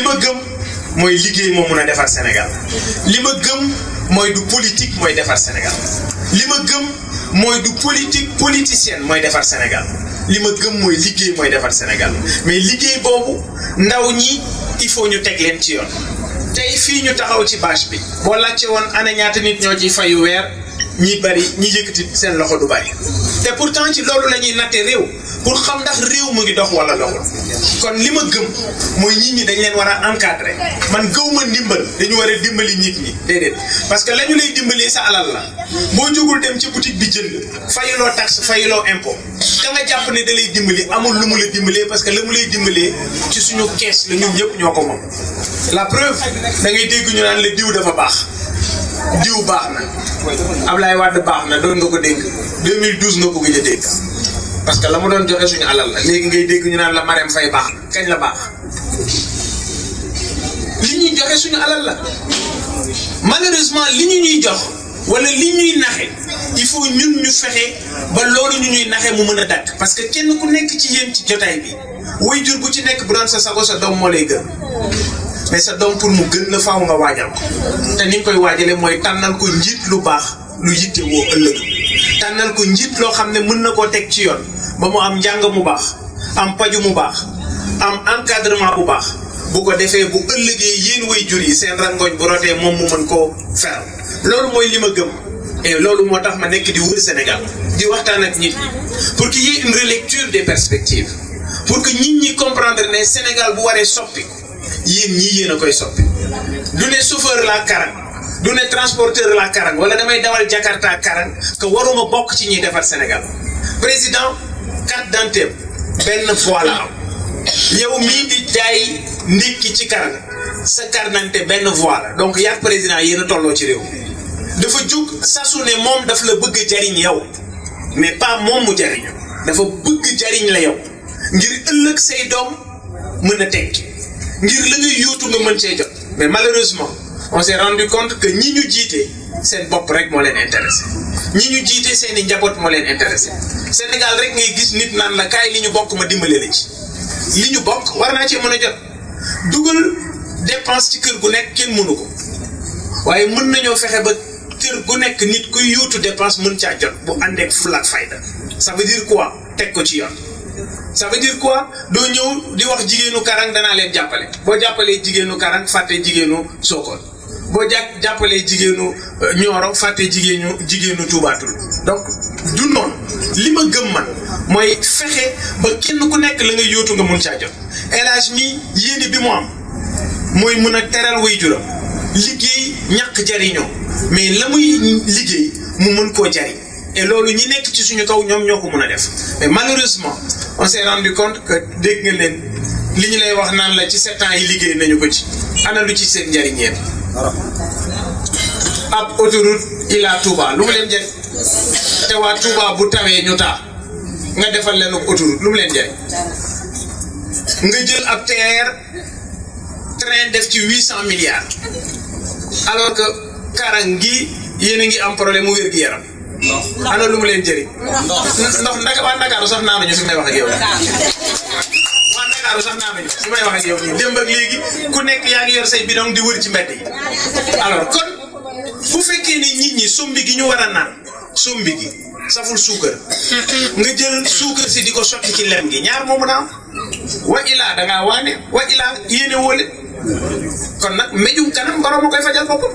li ma gëm mooy liggéey moo mun a defar Sénégal li ma gëm mooy du politique mooy defar Sénégal li ma gëm mooy du politique politicienne mooy defar Sénégal li ma gëm mooy liggéey mooy defar Sénégal mais liggéey boobu ndaw ñi il faut ñu teg leen ci yoon tey fii ñu taxaw ci bâche bi boo laajte woon ana ñaata nit ñoo ci fayu weer ñi bari ñi yëkkati seen loxo du bari te pourtant ci loolu la ñuy natte réew pour xam ndax réew mu ngi dox wala doxul kon li ma gëm mooy nit ñi dañ leen war a encadrer man gëw ma ndimbal dañu war a dimbali nit ñi déedéet parce que lañu lay dimbalee sa alal la boo jógul dem ci boutique bi jënd fayuloo taxe fayuloo impôt ka nga jàpp ne da lay dimbali amul lu mu la dimbalee parce que la mu lay dimbalee ci suñu kees la ñun ñëpp ñoo ko moom la preuve da ngay dégg ñu naan la diw dafa baax. diw baax na Ablaye Wade baax na doon nga ko dénk 2012 nga ko gëj a dénk parce que la ma doon joxe suñu alal la léegi ngay dégg ñu naan la Marème fay baax na kañ la baax li ñuy joxe suñu alal la malheureusement li ñu ñuy jox wala li ñuy naxe il faut ñun ñu fexe ba loolu ñu ñuy naxe mu mën a dakk parce que kenn ku nekk ci yéen ci jotaay bi waajur bu ci nekk bu doon sa sago sa doom moo lay gën mais sa doom pour mu gën na faaw nga waajal ko te ni nga koy waajalee mooy tànnal ko njiit lu baax lu yitte woo ëllëg tànnal ko njiit loo xam ne mën na koo teg ci yoon ba mu am njàng mu baax am paju mu baax am encadrement bu baax bu ko defee bu ëllëgee yéen way jur yi seen rangooñ bu rotee moom mu mën koo feral loolu mooy li ma gëm loolu moo tax ma nekk di wër Sénégal di waxtaan ak nit pour qu'il y une relecture des perspectives pour que nit ñi comprendre ne Sénégal bu waree soppi yéen ñii yéen a koy soppi du ne chauffeur la karang du ne transporteur la karang wala damay dawal Jakarta karang que waruma bokk ci ñuy defar Sénégal président carte d'identité benn fois la am yow mii di jaay ndékki ci karang sa carte d'identité benn fois donc yaa président yéen a tolloo ci réew dafa jug sasu ne moom daf la bëgg jariñ yow mais pas moom mu jariñ dafa bëgg jariñ la yow ngir ëllëg say doom mën a tekki ngir la ñuy yóotu nga mën cee jot mais malheureusement on s'est rendu compte que ñi ñu jiite seen bopp rek moo leen intéressé ñi ñu jiite seen i njaboot moo leen intéressé Sénégal rek ngay gis nit naan la kaay li ñu bokk ma dimbale la ci li ñu bokk war naa cee mën a jot dugal dépense ci kër gu nekk kenn mënu ko waaye mën nañoo fexe ba kër gu nekk nit kuy yóotu dépense mën caa jot bu àndeek fulla ak fayda ça veut dire quoi teg ko ci yoon sa veut dire quoi doo ñëw di wax jigéenu karang danaa leen jàppale boo jàppalee jigéenu karang fàtte jigéenu Sokone boo jàpp jàppalee jigéenu euh, Nioro fàtte jigéenu jigéenu tuubaatul donc du li ma gëm man mooy fexe ba kenn ku nekk la nga yóotu nga mun caa jot élage mi yéene bi mu am mooy mun a teral waajuram liggéey ñàkk jariñoo mais la muy liggéey mu mën koo jariñ e loolu ñi nekk ci suñu kaw ñoom ñoo ko mën a def mais malheureusement on s'est rendu compte que dégg nga li ñu lay wax naan la ci sept yi liggéey nañu ko ci ana lu ci seen njëriñ yéen ab autoroute Ila Touba lu mu leen jëriñ te waa Touba bu tawee ñu taa nga defal leen autoroute lu mu leen jëriñ nga jël ab TER train def ci huit cent milliards alors que karang gi yéen a ngi am problème mu wér-gu-yaram ana lu mu leen jëriñ. ndox ndox ndax waa Ndakaaru sax naa nañu su may wax ak yow de. waa Ndakaaru sax naa nañu su may wax ak yow nii démb ak léegi ku nekk yaa ngi yor say bidon di wër ci mbedd yi. alors kon bu fekkee ni nit ñi sombi gi ñu war a naan sombi gi saful suukar. nga jël suukar si di ko sotti ci lem gi ñaar moomu naa wa ilaa da ngaa waane wa ilaa yéene wóole kon nag mbéjum kanam borom a koy fajal boppam.